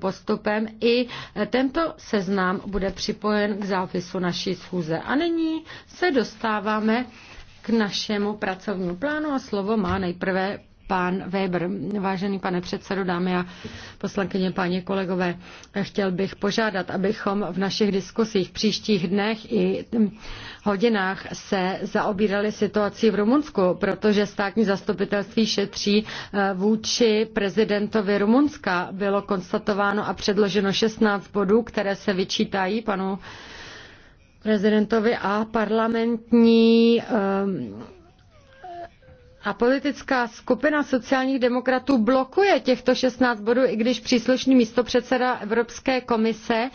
postupem i tento seznam bude připojen k zápisu naší schůze. A nyní se dostáváme k našemu pracovnímu plánu a slovo má nejprve Pán Weber. Vážený pane předsedo, dámy a poslankyně, páni kolegové, chtěl bych požádat, abychom v našich diskusích v příštích dnech i hodinách se zaobírali situací v Rumunsku, protože státní zastupitelství šetří eh, vůči prezidentovi Rumunska. Bylo konstatováno a předloženo 16 bodů, které se vyčítají panu prezidentovi a parlamentní um, a politická skupina sociálních demokratů blokuje těchto 16 bodů, i když příslušný místopředseda Evropské komise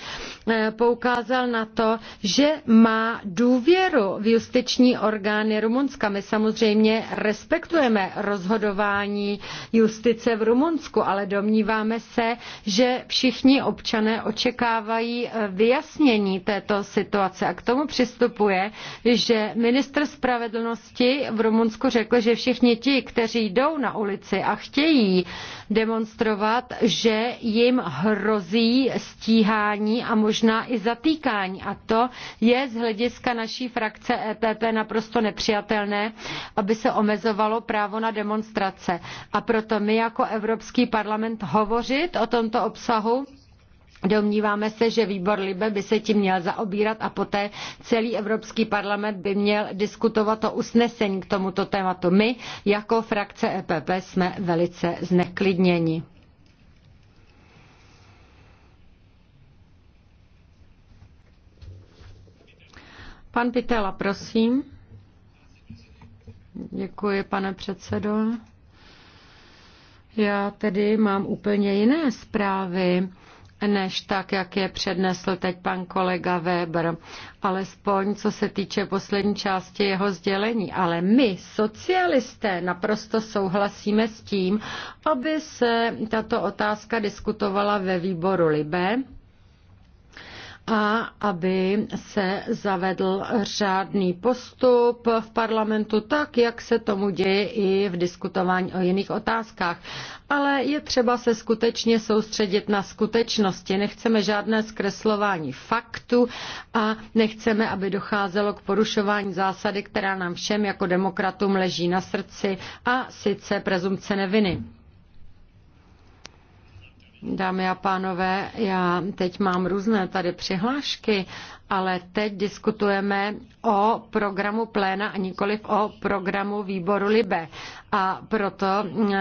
eh, poukázal na to, že má důvěru v justiční orgány Rumunska. My samozřejmě respektujeme rozhodování justice v Rumunsku, ale domníváme se, že všichni občané očekávají eh, vyjasnění této situace. A k tomu přistupuje, že ministr spravedlnosti v Rumunsku řekl, že všichni všichni ti, kteří jdou na ulici a chtějí demonstrovat, že jim hrozí stíhání a možná i zatýkání. A to je z hlediska naší frakce EPP naprosto nepřijatelné, aby se omezovalo právo na demonstrace. A proto my jako Evropský parlament hovořit o tomto obsahu Domníváme se, že výbor Libe by se tím měl zaobírat a poté celý Evropský parlament by měl diskutovat o usnesení k tomuto tématu. My jako frakce EPP jsme velice zneklidněni. Pan Pitela, prosím. Děkuji, pane předsedo. Já tedy mám úplně jiné zprávy než tak, jak je přednesl teď pan kolega Weber, alespoň co se týče poslední části jeho sdělení. Ale my, socialisté, naprosto souhlasíme s tím, aby se tato otázka diskutovala ve výboru Libe, a aby se zavedl řádný postup v parlamentu tak, jak se tomu děje i v diskutování o jiných otázkách. Ale je třeba se skutečně soustředit na skutečnosti. Nechceme žádné zkreslování faktu a nechceme, aby docházelo k porušování zásady, která nám všem jako demokratům leží na srdci a sice prezumce neviny. Dámy a pánové, já teď mám různé tady přihlášky ale teď diskutujeme o programu pléna a nikoliv o programu výboru Libe. A proto mm,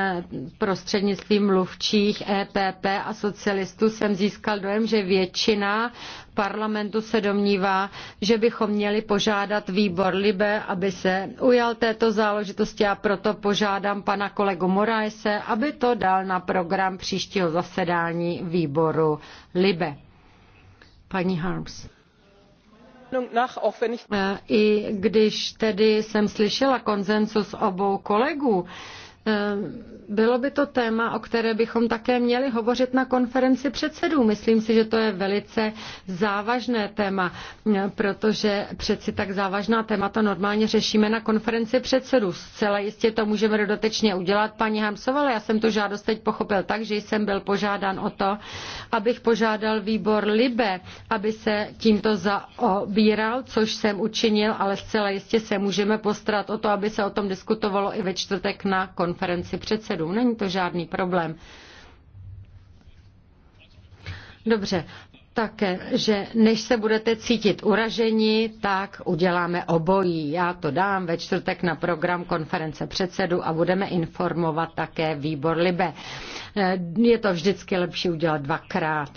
prostřednictvím mluvčích EPP a socialistů jsem získal dojem, že většina parlamentu se domnívá, že bychom měli požádat výbor Libe, aby se ujal této záležitosti a proto požádám pana kolegu Moraise, aby to dal na program příštího zasedání výboru Libe. Paní Harms. I když tedy jsem slyšela konsensus obou kolegů, Ehm, bylo by to téma, o které bychom také měli hovořit na konferenci předsedů. Myslím si, že to je velice závažné téma, protože přeci tak závažná témata normálně řešíme na konferenci předsedů. Zcela jistě to můžeme dodatečně udělat. Paní Hamsová, ale já jsem tu žádost teď pochopil tak, že jsem byl požádán o to, abych požádal výbor Libe, aby se tímto zaobíral, což jsem učinil, ale zcela jistě se můžeme postarat o to, aby se o tom diskutovalo i ve čtvrtek na konferenci konferenci předsedů. Není to žádný problém. Dobře, také, že než se budete cítit uraženi, tak uděláme obojí. Já to dám ve čtvrtek na program konference předsedu a budeme informovat také výbor Libe. Je to vždycky lepší udělat dvakrát.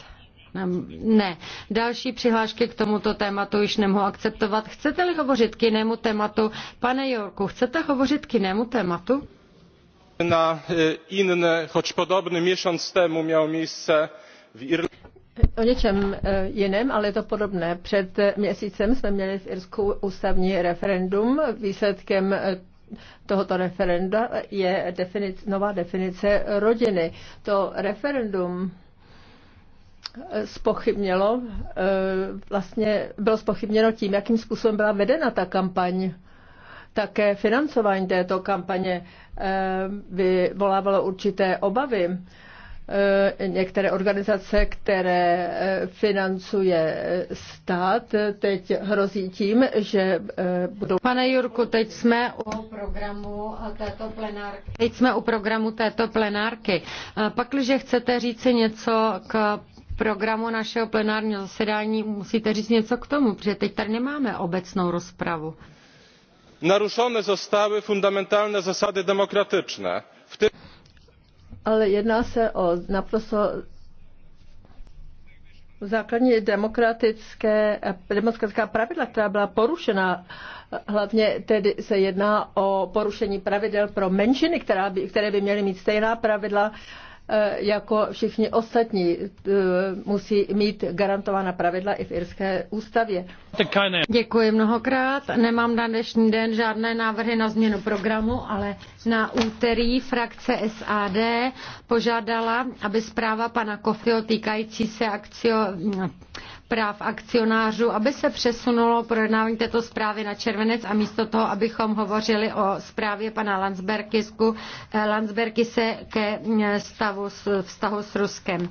Ne, další přihlášky k tomuto tématu již nemohu akceptovat. Chcete-li hovořit k jinému tématu? Pane Jorku, chcete hovořit k jinému tématu? na e, inny choć podobny miesiąc temu miał miejsce w O něčem e, jiném, ale je to podobné. Před měsícem jsme měli v Irsku ústavní referendum. Výsledkem e, tohoto referenda je definic, nová definice rodiny. To referendum spochybnilo, vlastně bylo spochybněno tím, jakým způsobem byla vedena ta kampaň také financování této kampaně eh, vyvolávalo určité obavy. Eh, některé organizace, které eh, financuje stát, teď hrozí tím, že budou. Pane Jurku, teď jsme u programu této plenárky. Teď jsme u programu této plenárky. Pakliže chcete říci něco k programu našeho plenárního zasedání musíte říct něco k tomu, protože teď tady nemáme obecnou rozpravu naruszone zostały fundamentalne zasady demokratyczne w tym ale jedná se o naprosto základní demokratické, demokratická pravidla, která byla porušena. Hlavně tedy se jedná o porušení pravidel pro menšiny, která by, které by měly mít stejná pravidla E, jako všichni ostatní e, musí mít garantována pravidla i v irské ústavě. Děkuji mnohokrát. Nemám na dnešní den žádné návrhy na změnu programu, ale na úterý frakce SAD požádala, aby zpráva pana Kofio týkající se akcio práv akcionářů, aby se přesunulo projednávání této zprávy na červenec a místo toho, abychom hovořili o zprávě pana Landsbergisku, eh, Landsbergise ke eh, stavu, vztahu s Ruskem.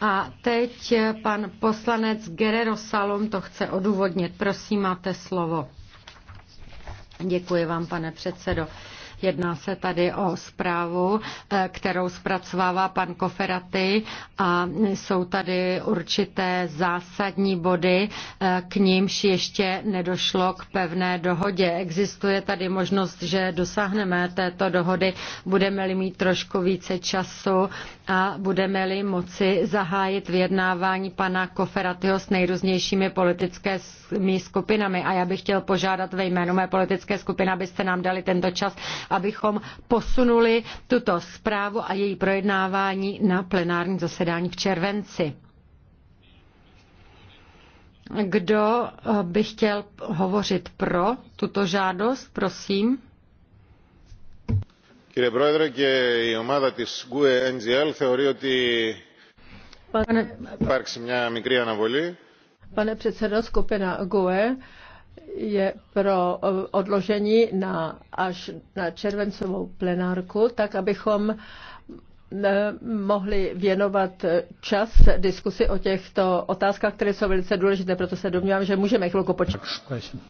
A teď eh, pan poslanec Gerero Salom to chce odůvodnit. Prosím, máte slovo. Děkuji vám, pane předsedo. Jedná se tady o zprávu, eh, kterou zpracovává pan Koferaty a jsou tady určité zásadní body, eh, k nímž ještě nedošlo k pevné dohodě. Existuje tady možnost, že dosáhneme této dohody, budeme-li mít trošku více času a budeme-li moci zahájit vyjednávání pana Koferatyho s nejrůznějšími politickými skupinami. A já bych chtěl požádat ve jménu mé politické skupiny, abyste nám dali tento čas abychom posunuli tuto zprávu a její projednávání na plenární zasedání v červenci. Kdo eh, by chtěl hovořit pro tuto žádost, prosím? Pane Prodre, i ομάδα της GUE NGL teorie, ty. Pane, Pane předsedo, skupina GUE je pro odložení na, až na červencovou plenárku, tak abychom eh, mohli věnovat čas diskusi o těchto otázkách, které jsou velice důležité, proto se domnívám, že můžeme chvilku počkat.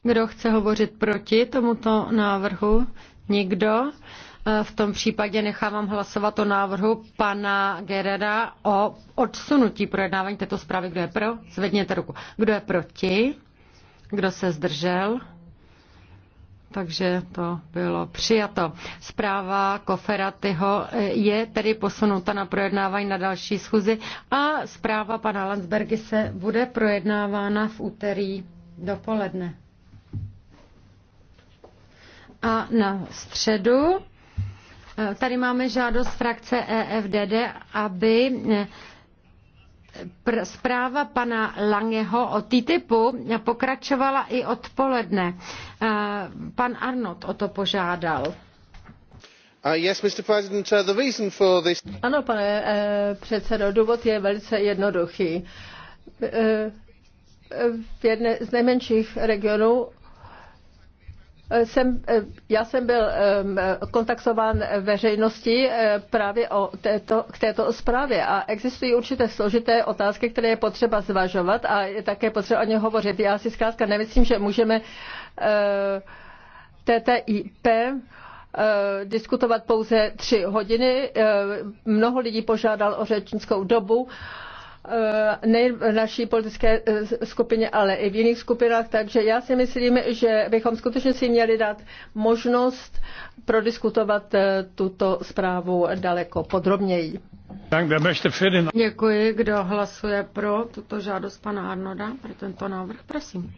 Kdo chce hovořit proti tomuto návrhu? Nikdo? Eh, v tom případě nechávám hlasovat o návrhu pana Gereda o odsunutí projednávání této zprávy. Kdo je pro? Zvedněte ruku. Kdo je proti? Kdo se zdržel? takže to bylo přijato. Zpráva Koferatyho eh, je tedy posunuta na projednávání na další schůzi a zpráva pana Landsbergy se bude projednávána v úterý dopoledne. A na středu eh, tady máme žádost frakce EFDD, aby eh, zpráva pana Langeho o TTIPu pokračovala i odpoledne. Eh, pan Arnott o to požádal. Uh, uh, ano, pane eh, předsedo, důvod je velice jednoduchý. Eh, v jedné z nejmenších regionů jsem, eh, já jsem byl ehm, kontaktován veřejnosti eh, právě o této, k této zprávě a existují určité složité otázky, které je potřeba zvažovat a je také potřeba o ně hovořit. Já si zkrátka nemyslím, že můžeme eh, TTIP diskutovat pouze tři hodiny. Mnoho lidí požádal o řečnickou dobu. Eh, nejen v naší politické eh, skupině, ale i v jiných skupinách. Takže já si myslím, že bychom skutečně si měli dát možnost prodiskutovat eh, tuto zprávu daleko podrobněji. Děkuji. Kdo hlasuje pro tuto žádost pana Arnoda, pro tento návrh, prosím.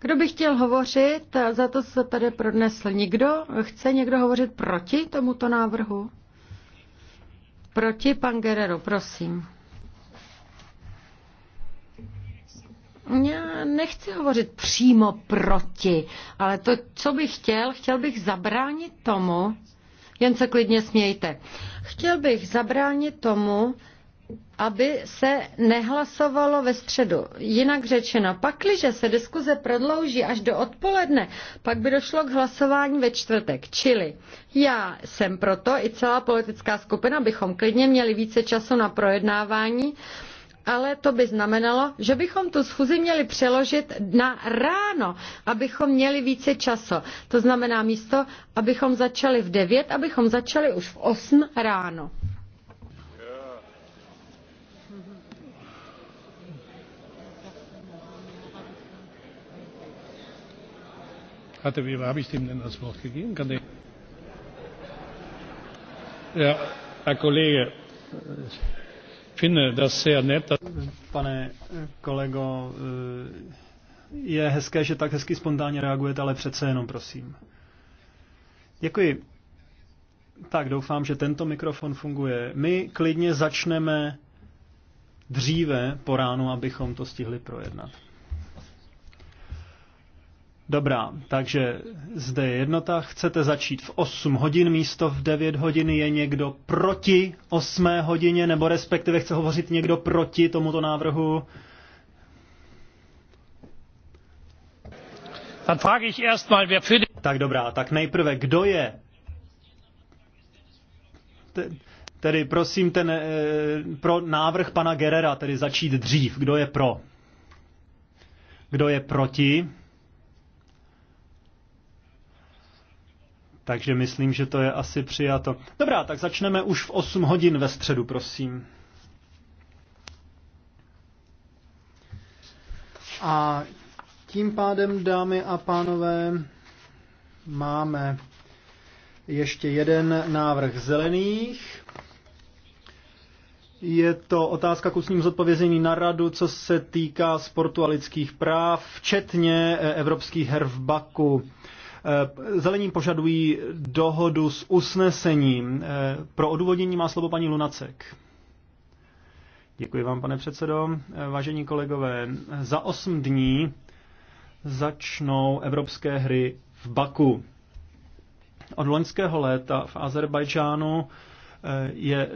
Kdo by chtěl hovořit, za to se tady prodnesl. Nikdo? Chce někdo hovořit proti tomuto návrhu? Proti pan Guerrero, prosím. Já nechci hovořit přímo proti, ale to, co bych chtěl, chtěl bych zabránit tomu, jen se klidně smějte, chtěl bych zabránit tomu, aby se nehlasovalo ve středu. Jinak řečeno, pakliže se diskuze prodlouží až do odpoledne, pak by došlo k hlasování ve čtvrtek. Čili já jsem proto i celá politická skupina, bychom klidně měli více času na projednávání, ale to by znamenalo, že bychom tu schůzi měli přeložit na ráno, abychom měli více času. To znamená místo, abychom začali v 9, abychom začali už v 8 ráno. Hatte, wie habe ich dem denn das Wort gegeben? Kann ich... ja, Herr Kollege, ich finde das sehr nett. Dass Pane eh, Kollego, eh, je hezké, že tak hezky spontánně reagujete, ale přece jenom prosím. Děkuji. Tak doufám, že tento mikrofon funguje. My klidně začneme dříve po ránu, abychom to stihli projednat. Dobrá, takže zde je jednota. Chcete začít v 8 hodin místo v 9 hodin. Je někdo proti 8 hodině, nebo respektive chce hovořit někdo proti tomuto návrhu? Tak dobrá, tak nejprve, kdo je? Tedy prosím ten eh, pro návrh pana Gerera, tedy začít dřív. Kdo je pro? Kdo je proti? Takže myslím, že to je asi přijato. Dobrá, tak začneme už v 8 hodin ve středu, prosím. A tím pádem, dámy a pánové, máme ještě jeden návrh zelených. Je to otázka k ústním zodpovězení na radu, co se týká sportu a lidských práv, včetně eh, evropských her v Baku. Eh, Zelení požadují dohodu s usnesením. Eh, Pro odůvodnění má slovo paní Lunacek. Děkuji vám, pane předsedo. Eh, Vážení kolegové, za osm dní začnou evropské hry v Baku. Od loňského léta v Azerbajdžánu Eh, je,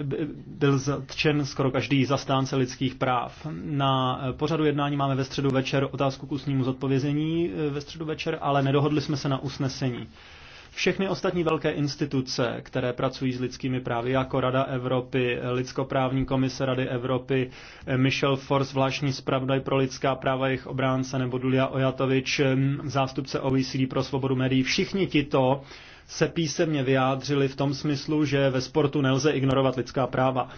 byl zatčen skoro každý zastánce lidských práv. Na eh, pořadu jednání máme ve středu večer otázku k ústnímu zodpovězení eh, ve středu večer, ale nedohodli jsme se na usnesení. Všechny ostatní velké instituce, které pracují s lidskými právy, jako Rada Evropy, Lidskoprávní komise Rady Evropy, Michel Force, zvláštní zpravodaj pro lidská práva, jejich obránce, nebo Dulia Ojatovič, mm, zástupce OECD pro svobodu médií, všichni tito se písemně vyjádřili v tom smyslu, že ve sportu nelze ignorovat lidská práva.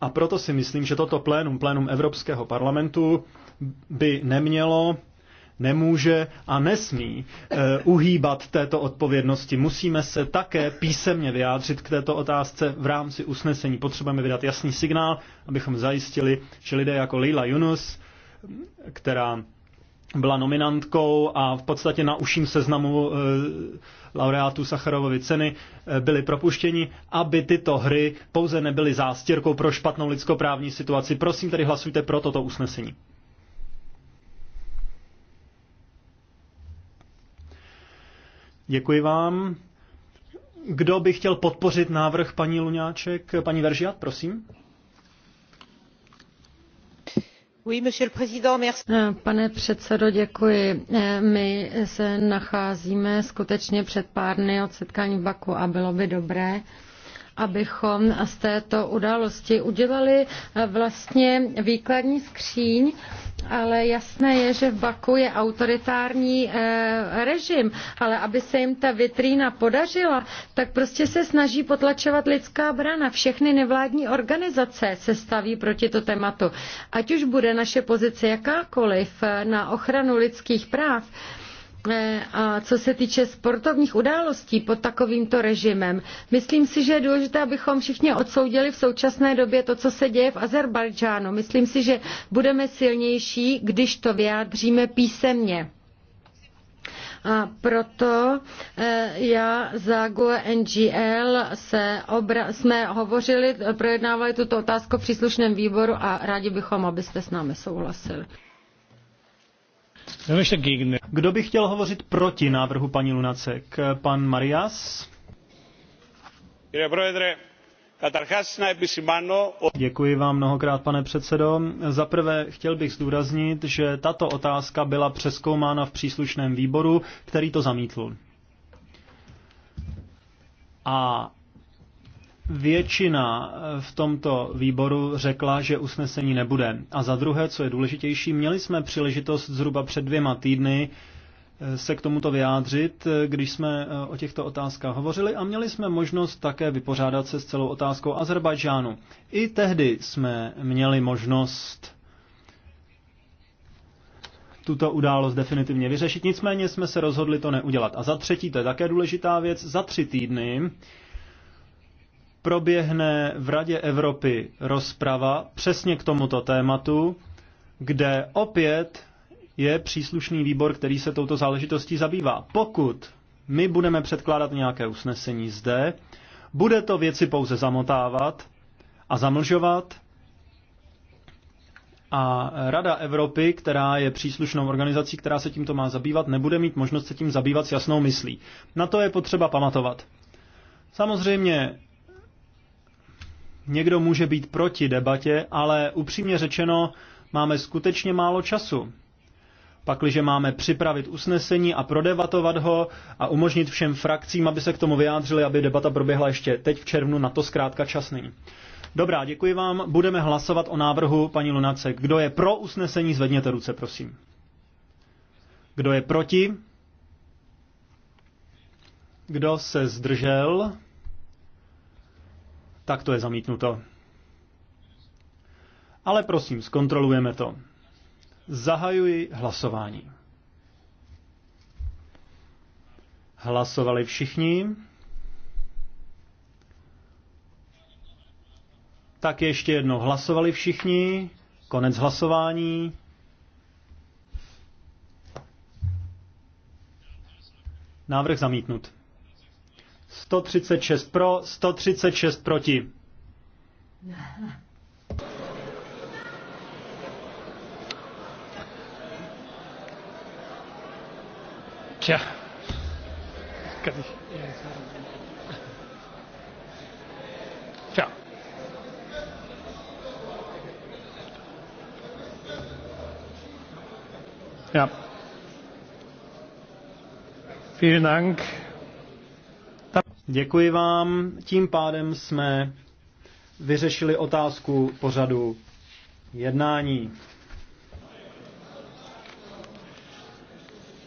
A proto si myslím, že toto plénum, plénum Evropského parlamentu by nemělo, nemůže a nesmí eh, uhýbat této odpovědnosti. Musíme se také písemně vyjádřit k této otázce v rámci usnesení. Potřebujeme vydat jasný signál, abychom zajistili, že lidé jako Leila Yunus, která byla nominantkou a v podstatě na uším seznamu e, eh, laureátů Sacharovovy ceny e, byli propuštěni, aby tyto hry pouze nebyly zástěrkou pro špatnou lidskoprávní situaci. Prosím tedy hlasujte pro toto usnesení. Děkuji vám. Kdo by chtěl podpořit návrh paní Luňáček? Paní Veržiat, prosím. Eh, pane předsedající, eh, My se nacházíme skutečně před pár dny od setkání v Baku a bylo by dobré, abychom z této události udělali eh, vlastně výkladní skříň, ale jasné je, že v Baku je autoritární eh, režim, ale aby se jim ta vitrína podařila, tak prostě se snaží potlačovat lidská brana. Všechny nevládní organizace se staví proti to tématu. Ať už bude naše pozice jakákoliv eh, na ochranu lidských práv, E, a co se týče sportovních událostí pod takovýmto režimem, myslím si, že je důležité, abychom všichni odsoudili v současné době to, co se děje v Azerbajdžánu. Myslím si, že budeme silnější, když to vyjádříme písemně. A proto e, já za GUE NGL se obra- jsme hovořili, projednávali tuto otázku v příslušném výboru a rádi bychom, abyste s námi souhlasili. Kdo by chtěl hovořit proti návrhu paní Lunacek? Pan Marias? Děkuji vám mnohokrát, pane předsedo. Zaprvé, chtěl bych zdůraznit, že tato otázka byla přeskoumána v příslušném výboru, který to zamítl. A většina eh, v tomto výboru řekla, že usnesení nebude. A za druhé, co je důležitější, měli jsme příležitost zhruba před dvěma týdny eh, se k tomuto vyjádřit, eh, když jsme o těchto otázkách hovořili a měli jsme možnost také vypořádat se s celou otázkou Azerbajdžánu. I tehdy jsme měli možnost tuto událost definitivně vyřešit, nicméně jsme se rozhodli to neudělat. A za třetí, to je také důležitá věc, za tři týdny proběhne v Radě Evropy rozprava přesně k tomuto tématu, kde opět je příslušný výbor, který se touto záležitostí zabývá. Pokud my budeme předkládat nějaké usnesení zde, bude to věci pouze zamotávat a zamlžovat a Rada Evropy, která je příslušnou organizací, která se tímto má zabývat, nebude mít možnost se tím zabývat s jasnou myslí. Na to je potřeba pamatovat. Samozřejmě Někdo může být proti debatě, ale upřímně řečeno, máme skutečně málo času. Pakliže máme připravit usnesení a prodebatovat ho a umožnit všem frakcím, aby se k tomu vyjádřili, aby debata proběhla ještě teď v červnu, na to zkrátka čas není. Dobrá, děkuji vám. Budeme hlasovat o návrhu paní Lunace. Kdo je pro usnesení, zvedněte ruce, prosím. Kdo je proti? Kdo se zdržel? tak to je zamítnuto. Ale prosím, zkontrolujeme to. Zahajuji hlasování. Hlasovali všichni. Tak ještě jednou hlasovali všichni. Konec hlasování. Návrh zamítnut. 136 pro, 136 proti. Tja. Tja. Ja. Vielen Dank. Děkuji vám. Tím pádem jsme vyřešili otázku pořadu jednání.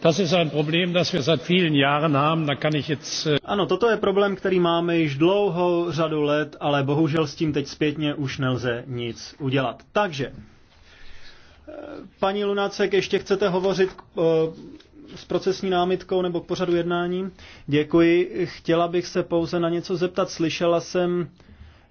Das ist ein Problem, das wir seit vielen Jahren haben, da kann ich jetzt... Äh, ano, toto je problém, který máme již dlouhou řadu let, ale bohužel s tím teď zpětně už nelze nic udělat. Takže, eh, paní Lunacek, ještě chcete hovořit eh, s procesní námitkou nebo k pořadu jednání? Děkuji. Chtěla bych se pouze na něco zeptat. Slyšela jsem,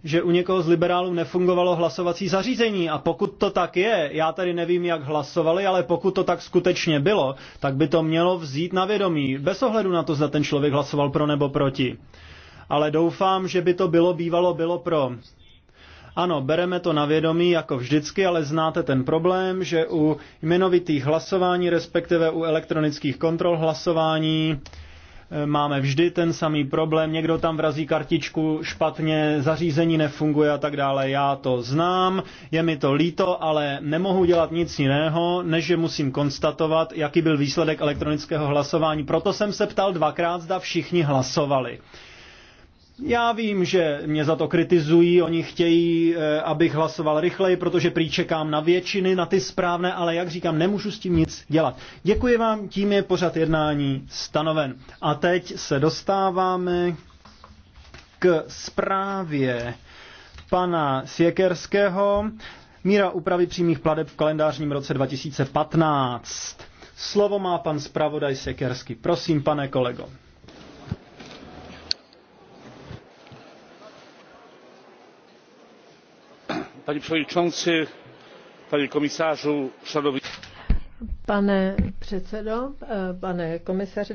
že u někoho z liberálů nefungovalo hlasovací zařízení. A pokud to tak je, já tady nevím, jak hlasovali, ale pokud to tak skutečně bylo, tak by to mělo vzít na vědomí, bez ohledu na to, zda ten člověk hlasoval pro nebo proti. Ale doufám, že by to bylo bývalo bylo pro. Ano, bereme to na vědomí jako vždycky, ale znáte ten problém, že u jmenovitých hlasování, respektive u elektronických kontrol hlasování, eh, máme vždy ten samý problém, někdo tam vrazí kartičku špatně, zařízení nefunguje a tak dále. Já to znám, je mi to líto, ale nemohu dělat nic jiného, než že musím konstatovat, jaký byl výsledek elektronického hlasování. Proto jsem se ptal dvakrát, zda všichni hlasovali. Já vím, že mě za to kritizují, oni chtějí, eh, abych hlasoval rychleji, protože prý čekám na většiny, na ty správné, ale jak říkám, nemůžu s tím nic dělat. Děkuji vám, tím je pořad jednání stanoven. A teď se dostáváme k zprávě pana Siekerského. Míra úpravy přímých pladeb v kalendářním roce 2015. Slovo má pan zpravodaj Sekersky. Prosím, pane kolego. panie przewodniczący panie komisarzu szanowni. pane předsedo e, pane komisaři